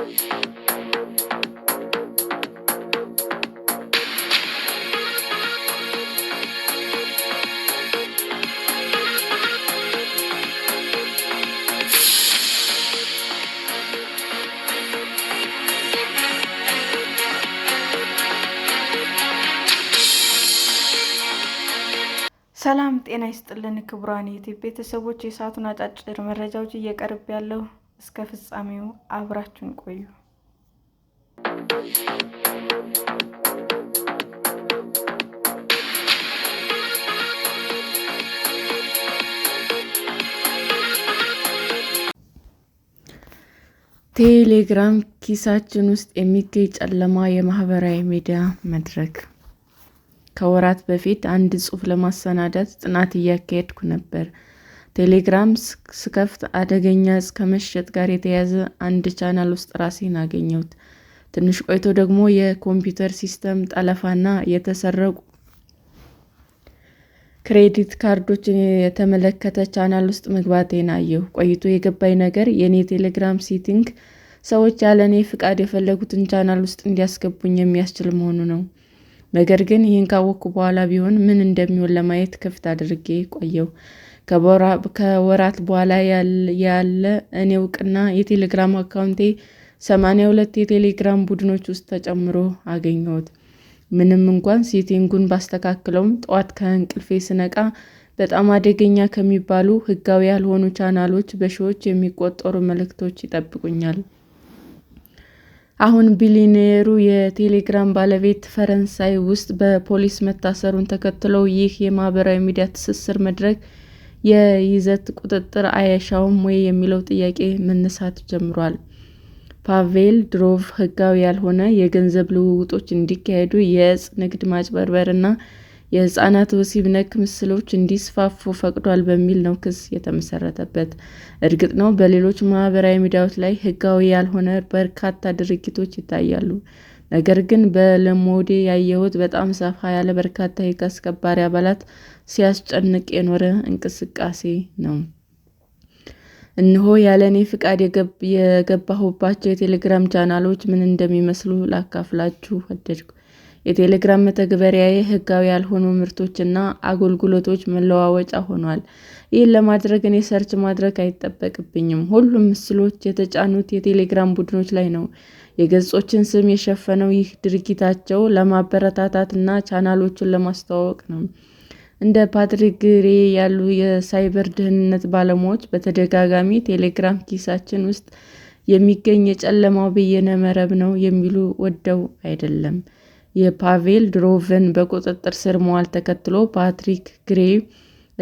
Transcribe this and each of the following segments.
ሰላም ጤና ይስጥልን ክቡራን የዩቲዩብ ቤተሰቦች፣ የሰዓቱን አጫጭር መረጃዎች እየቀርብ ያለው እስከ ፍጻሜው አብራችን ቆዩ። ቴሌግራም ኪሳችን ውስጥ የሚገኝ ጨለማ የማህበራዊ ሚዲያ መድረክ። ከወራት በፊት አንድ ጽሑፍ ለማሰናዳት ጥናት እያካሄድኩ ነበር። ቴሌግራም ስከፍት አደገኛ እጽ ከመሸጥ ጋር የተያያዘ አንድ ቻናል ውስጥ ራሴን አገኘሁት። ትንሽ ቆይቶ ደግሞ የኮምፒውተር ሲስተም ጠለፋና የተሰረቁ ክሬዲት ካርዶችን የተመለከተ ቻናል ውስጥ መግባቴን አየሁ። ቆይቶ የገባኝ ነገር የእኔ ቴሌግራም ሴቲንግ ሰዎች ያለ እኔ ፍቃድ የፈለጉትን ቻናል ውስጥ እንዲያስገቡኝ የሚያስችል መሆኑ ነው። ነገር ግን ይህን ካወቅኩ በኋላ ቢሆን ምን እንደሚሆን ለማየት ክፍት አድርጌ ቆየሁ። ከወራት በኋላ ያለ እኔ እውቅና የቴሌግራም አካውንቴ 82 የቴሌግራም ቡድኖች ውስጥ ተጨምሮ አገኘሁት። ምንም እንኳን ሴቲንጉን ባስተካክለውም ጠዋት ከእንቅልፌ ስነቃ በጣም አደገኛ ከሚባሉ ህጋዊ ያልሆኑ ቻናሎች በሺዎች የሚቆጠሩ መልእክቶች ይጠብቁኛል። አሁን ቢሊኔሩ የቴሌግራም ባለቤት ፈረንሳይ ውስጥ በፖሊስ መታሰሩን ተከትሎ ይህ የማህበራዊ ሚዲያ ትስስር መድረክ የይዘት ቁጥጥር አያሻውም ወይ የሚለው ጥያቄ መነሳት ጀምሯል። ፓቬል ድሮቭ ህጋዊ ያልሆነ የገንዘብ ልውውጦች እንዲካሄዱ፣ የእጽ ንግድ ማጭበርበር እና የህጻናት ወሲብ ነክ ምስሎች እንዲስፋፉ ፈቅዷል በሚል ነው ክስ የተመሰረተበት። እርግጥ ነው በሌሎች ማህበራዊ ሚዲያዎች ላይ ህጋዊ ያልሆነ በርካታ ድርጊቶች ይታያሉ። ነገር ግን በለሞዴ ያየሁት በጣም ሰፋ ያለ በርካታ የህግ አስከባሪ አባላት ሲያስጨንቅ የኖረ እንቅስቃሴ ነው። እነሆ ያለ እኔ ፍቃድ የገባሁባቸው የቴሌግራም ቻናሎች ምን እንደሚመስሉ ላካፍላችሁ ወደድኩ። የቴሌግራም መተግበሪያዬ ህጋዊ ያልሆኑ ምርቶችና አገልግሎቶች መለዋወጫ ሆኗል። ይህን ለማድረግ እኔ ሰርች ማድረግ አይጠበቅብኝም። ሁሉም ምስሎች የተጫኑት የቴሌግራም ቡድኖች ላይ ነው። የገጾችን ስም የሸፈነው ይህ ድርጊታቸው ለማበረታታትና ቻናሎቹን ለማስተዋወቅ ነው። እንደ ፓትሪክ ግሬ ያሉ የሳይበር ደህንነት ባለሙያዎች በተደጋጋሚ ቴሌግራም ኪሳችን ውስጥ የሚገኝ የጨለማው በየነ መረብ ነው የሚሉ ወደው አይደለም። የፓቬል ድሮቭን በቁጥጥር ስር መዋል ተከትሎ ፓትሪክ ግሬ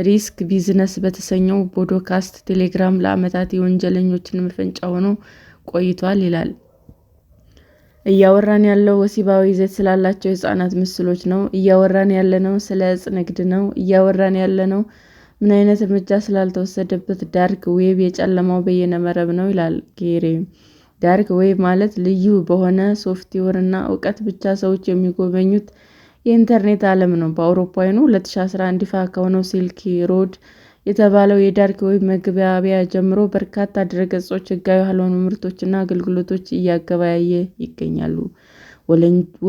ሪስክ ቢዝነስ በተሰኘው ፖድካስት ቴሌግራም ለዓመታት የወንጀለኞችን መፈንጫ ሆኖ ቆይቷል ይላል። እያወራን ያለው ወሲባዊ ይዘት ስላላቸው የህፃናት ምስሎች ነው። እያወራን ያለነው ስለ ዕፅ ንግድ ነው። እያወራን ያለነው ምን አይነት እርምጃ ስላልተወሰደበት ዳርክ ዌብ የጨለማው በየነመረብ መረብ ነው ይላል ጌሬ። ዳርክ ዌብ ማለት ልዩ በሆነ ሶፍትዌር እና እውቀት ብቻ ሰዎች የሚጎበኙት የኢንተርኔት ዓለም ነው። በአውሮፓውያኑ 2011 ይፋ ከሆነው ሲልክ ሮድ የተባለው የዳርክ ዌብ መግባቢያ ጀምሮ በርካታ ድረገጾች ህጋዊ ያልሆኑ ምርቶችና አገልግሎቶች እያገበያየ ይገኛሉ።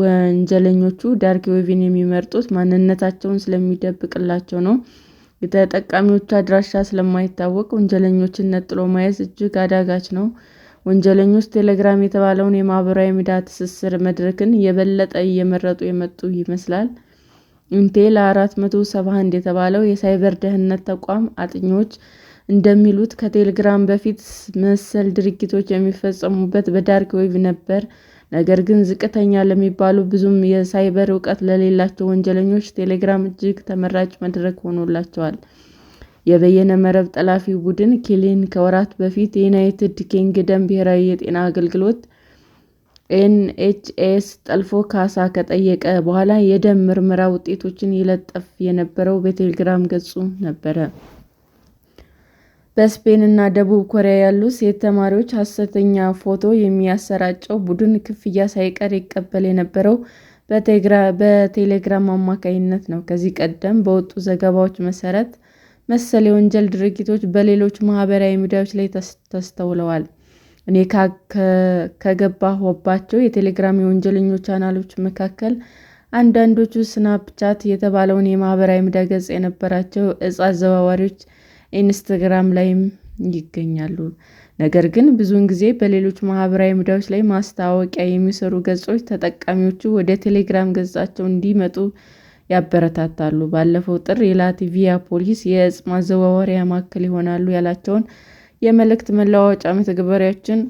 ወንጀለኞቹ ዳርክ ዌብን የሚመርጡት ማንነታቸውን ስለሚደብቅላቸው ነው። የተጠቃሚዎቹ አድራሻ ስለማይታወቅ ወንጀለኞችን ነጥሎ ማየት እጅግ አዳጋች ነው። ወንጀለኞች ቴሌግራም የተባለውን የማህበራዊ ሚዲያ ትስስር መድረክን የበለጠ እየመረጡ የመጡ ይመስላል። ኢንቴል 471 የተባለው የሳይበር ደህንነት ተቋም አጥኚዎች እንደሚሉት ከቴሌግራም በፊት መሰል ድርጊቶች የሚፈጸሙበት በዳርክ ዌብ ነበር። ነገር ግን ዝቅተኛ ለሚባሉ ብዙም የሳይበር እውቀት ለሌላቸው ወንጀለኞች ቴሌግራም እጅግ ተመራጭ መድረክ ሆኖላቸዋል። የበየነ መረብ ጠላፊ ቡድን ኪሊን ከወራት በፊት የዩናይትድ ኪንግደም ብሔራዊ የጤና አገልግሎት ኤንኤችኤስ ጠልፎ ካሳ ከጠየቀ በኋላ የደም ምርመራ ውጤቶችን ይለጥፍ የነበረው በቴሌግራም ገጹ ነበረ። በስፔን እና ደቡብ ኮሪያ ያሉ ሴት ተማሪዎች ሐሰተኛ ፎቶ የሚያሰራጨው ቡድን ክፍያ ሳይቀር ይቀበል የነበረው በቴሌግራም አማካኝነት ነው። ከዚህ ቀደም በወጡ ዘገባዎች መሰረት መሰል የወንጀል ድርጊቶች በሌሎች ማህበራዊ ሚዲያዎች ላይ ተስተውለዋል። እኔ ከገባሁባቸው የቴሌግራም የወንጀለኞች ቻናሎች መካከል አንዳንዶቹ ስናፕቻት የተባለውን የማህበራዊ ምዳ ገጽ የነበራቸው እጽ አዘዋዋሪዎች ኢንስታግራም ላይም ይገኛሉ። ነገር ግን ብዙውን ጊዜ በሌሎች ማህበራዊ ሚዲያዎች ላይ ማስታወቂያ የሚሰሩ ገጾች ተጠቃሚዎቹ ወደ ቴሌግራም ገጻቸው እንዲመጡ ያበረታታሉ። ባለፈው ጥር የላትቪያ ፖሊስ የእጽ ማዘዋወሪያ ማዕከል ይሆናሉ ያላቸውን የመልእክት መለዋወጫ መተግበሪያዎችን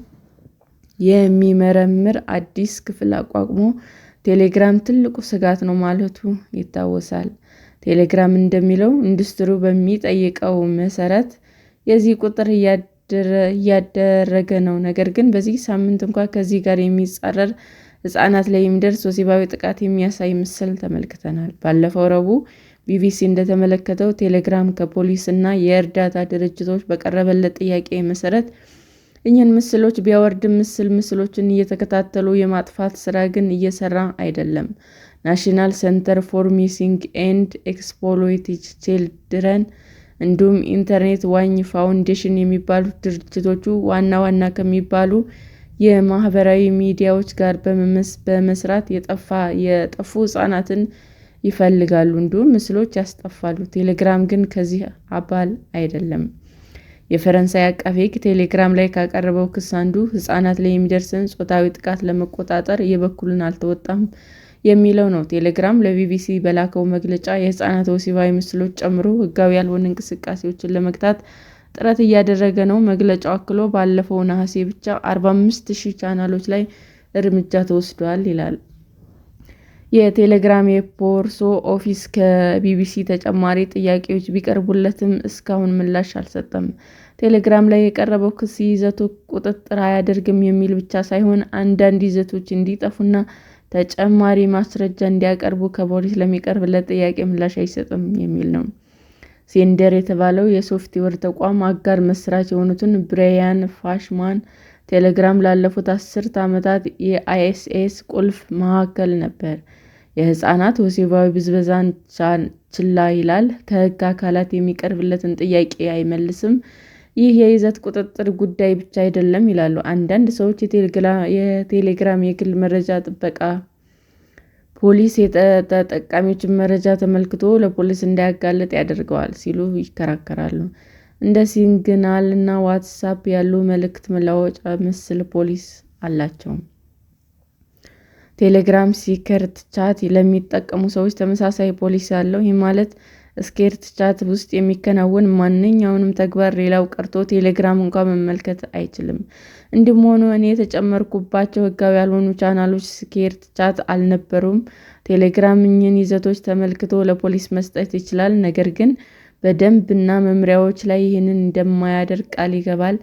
የሚመረምር አዲስ ክፍል አቋቁሞ ቴሌግራም ትልቁ ስጋት ነው ማለቱ ይታወሳል። ቴሌግራም እንደሚለው ኢንዱስትሪው በሚጠይቀው መሰረት የዚህ ቁጥር እያደረገ ነው። ነገር ግን በዚህ ሳምንት እንኳ ከዚህ ጋር የሚጻረር ሕፃናት ላይ የሚደርስ ወሲባዊ ጥቃት የሚያሳይ ምስል ተመልክተናል። ባለፈው ረቡዕ ቢቢሲ እንደተመለከተው ቴሌግራም ከፖሊስ እና የእርዳታ ድርጅቶች በቀረበለት ጥያቄ መሰረት እኚህን ምስሎች ቢያወርድም ምስል ምስሎችን እየተከታተሉ የማጥፋት ስራ ግን እየሰራ አይደለም። ናሽናል ሴንተር ፎር ሚሲንግ ኤንድ ኤክስፕሎይትድ ቺልድረን እንዲሁም ኢንተርኔት ዋኝ ፋውንዴሽን የሚባሉት ድርጅቶቹ ዋና ዋና ከሚባሉ የማህበራዊ ሚዲያዎች ጋር በመስራት የጠፉ ህጻናትን ይፈልጋሉ እንዲሁም ምስሎች ያስጠፋሉ። ቴሌግራም ግን ከዚህ አባል አይደለም። የፈረንሳይ አቃቤ ሕግ ቴሌግራም ላይ ካቀረበው ክስ አንዱ ሕፃናት ላይ የሚደርስን ጾታዊ ጥቃት ለመቆጣጠር የበኩሉን አልተወጣም የሚለው ነው። ቴሌግራም ለቢቢሲ በላከው መግለጫ የሕፃናት ወሲባዊ ምስሎች ጨምሮ ሕጋዊ ያልሆኑ እንቅስቃሴዎችን ለመግታት ጥረት እያደረገ ነው። መግለጫው አክሎ ባለፈው ነሐሴ ብቻ 45 ሺህ ቻናሎች ላይ እርምጃ ተወስዷል ይላል። የቴሌግራም የፖርሶ ኦፊስ ከቢቢሲ ተጨማሪ ጥያቄዎች ቢቀርቡለትም እስካሁን ምላሽ አልሰጠም። ቴሌግራም ላይ የቀረበው ክስ ይዘቱ ቁጥጥር አያደርግም የሚል ብቻ ሳይሆን አንዳንድ ይዘቶች እንዲጠፉና ተጨማሪ ማስረጃ እንዲያቀርቡ ከፖሊስ ለሚቀርብለት ጥያቄ ምላሽ አይሰጥም የሚል ነው። ሴንደር የተባለው የሶፍትዌር ተቋም አጋር መስራች የሆኑትን ብራያን ፋሽማን ቴሌግራም ላለፉት አስርት ዓመታት የአይኤስኤስ ቁልፍ ማዕከል ነበር። የህፃናት ወሲባዊ ብዝበዛን ችላ ይላል። ከህግ አካላት የሚቀርብለትን ጥያቄ አይመልስም። ይህ የይዘት ቁጥጥር ጉዳይ ብቻ አይደለም ይላሉ አንዳንድ ሰዎች። የቴሌግራም የግል መረጃ ጥበቃ ፖሊስ የተጠቃሚዎችን መረጃ ተመልክቶ ለፖሊስ እንዳያጋለጥ ያደርገዋል ሲሉ ይከራከራሉ። እንደ ሲግናል እና ዋትሳፕ ያሉ መልእክት መለዋወጫ ምስል ፖሊስ አላቸው። ቴሌግራም ሲከርት ቻት ለሚጠቀሙ ሰዎች ተመሳሳይ ፖሊሲ አለው። ይህ ማለት ስኬርት ቻት ውስጥ የሚከናወን ማንኛውንም ተግባር ሌላው ቀርቶ ቴሌግራም እንኳ መመልከት አይችልም። እንዲህም ሆኖ እኔ የተጨመርኩባቸው ህጋዊ ያልሆኑ ቻናሎች ስኬርት ቻት አልነበሩም። ቴሌግራም እኝን ይዘቶች ተመልክቶ ለፖሊስ መስጠት ይችላል። ነገር ግን በደንብና መምሪያዎች ላይ ይህንን እንደማያደርግ ቃል ይገባል።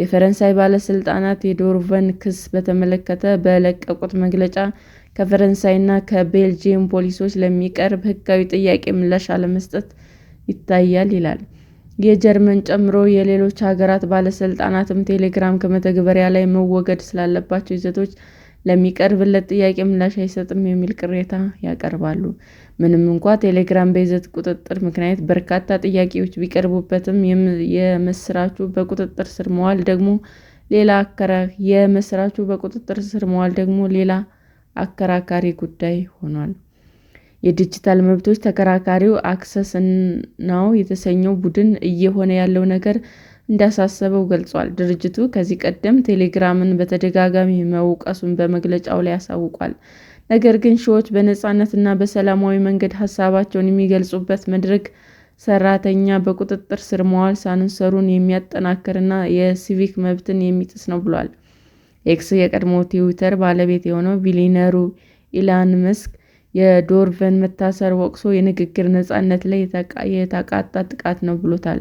የፈረንሳይ ባለስልጣናት የዶርቨን ክስ በተመለከተ በለቀቁት መግለጫ ከፈረንሳይና ከቤልጂየም ፖሊሶች ለሚቀርብ ሕጋዊ ጥያቄ ምላሽ አለመስጠት ይታያል ይላል። የጀርመን ጨምሮ የሌሎች ሀገራት ባለስልጣናትም ቴሌግራም ከመተግበሪያ ላይ መወገድ ስላለባቸው ይዘቶች ለሚቀርብለት ጥያቄ ምላሽ አይሰጥም የሚል ቅሬታ ያቀርባሉ። ምንም እንኳ ቴሌግራም በይዘት ቁጥጥር ምክንያት በርካታ ጥያቄዎች ቢቀርቡበትም፣ የመስራቹ በቁጥጥር ስር መዋል ደግሞ ሌላ የመስራቹ በቁጥጥር ስር መዋል ደግሞ ሌላ አከራካሪ ጉዳይ ሆኗል። የዲጂታል መብቶች ተከራካሪው አክሰስ ናው የተሰኘው ቡድን እየሆነ ያለው ነገር እንዳሳሰበው ገልጿል። ድርጅቱ ከዚህ ቀደም ቴሌግራምን በተደጋጋሚ መውቀሱን በመግለጫው ላይ አሳውቋል። ነገር ግን ሺዎች እና በሰላማዊ መንገድ ሀሳባቸውን የሚገልጹበት መድረክ ሰራተኛ በቁጥጥር ስር መዋል ሳንሰሩን የሚያጠናክርና የሲቪክ መብትን የሚጥስ ነው ብሏል። ኤክስ የቀድሞ ትዊተር ባለቤት የሆነው ቢሊነሩ ኢላን መስክ የዶርቨን መታሰር ወቅሶ የንግግር ነፃነት ላይ የተቃጣ ጥቃት ነው ብሎታል።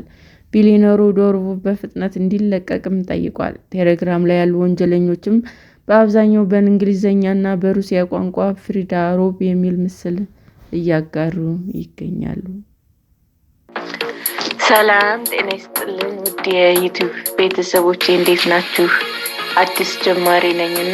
ቢሊነሩ ዶርቡ በፍጥነት እንዲለቀቅም ጠይቋል። ቴሌግራም ላይ ያሉ ወንጀለኞችም በአብዛኛው በእንግሊዝኛ ና በሩሲያ ቋንቋ ፍሪዳ ሮብ የሚል ምስል እያጋሩ ይገኛሉ። ሰላም ጤና ይስጥልን ውድ የዩቱብ ቤተሰቦች እንዴት ናችሁ? አዲስ ጀማሪ ነኝና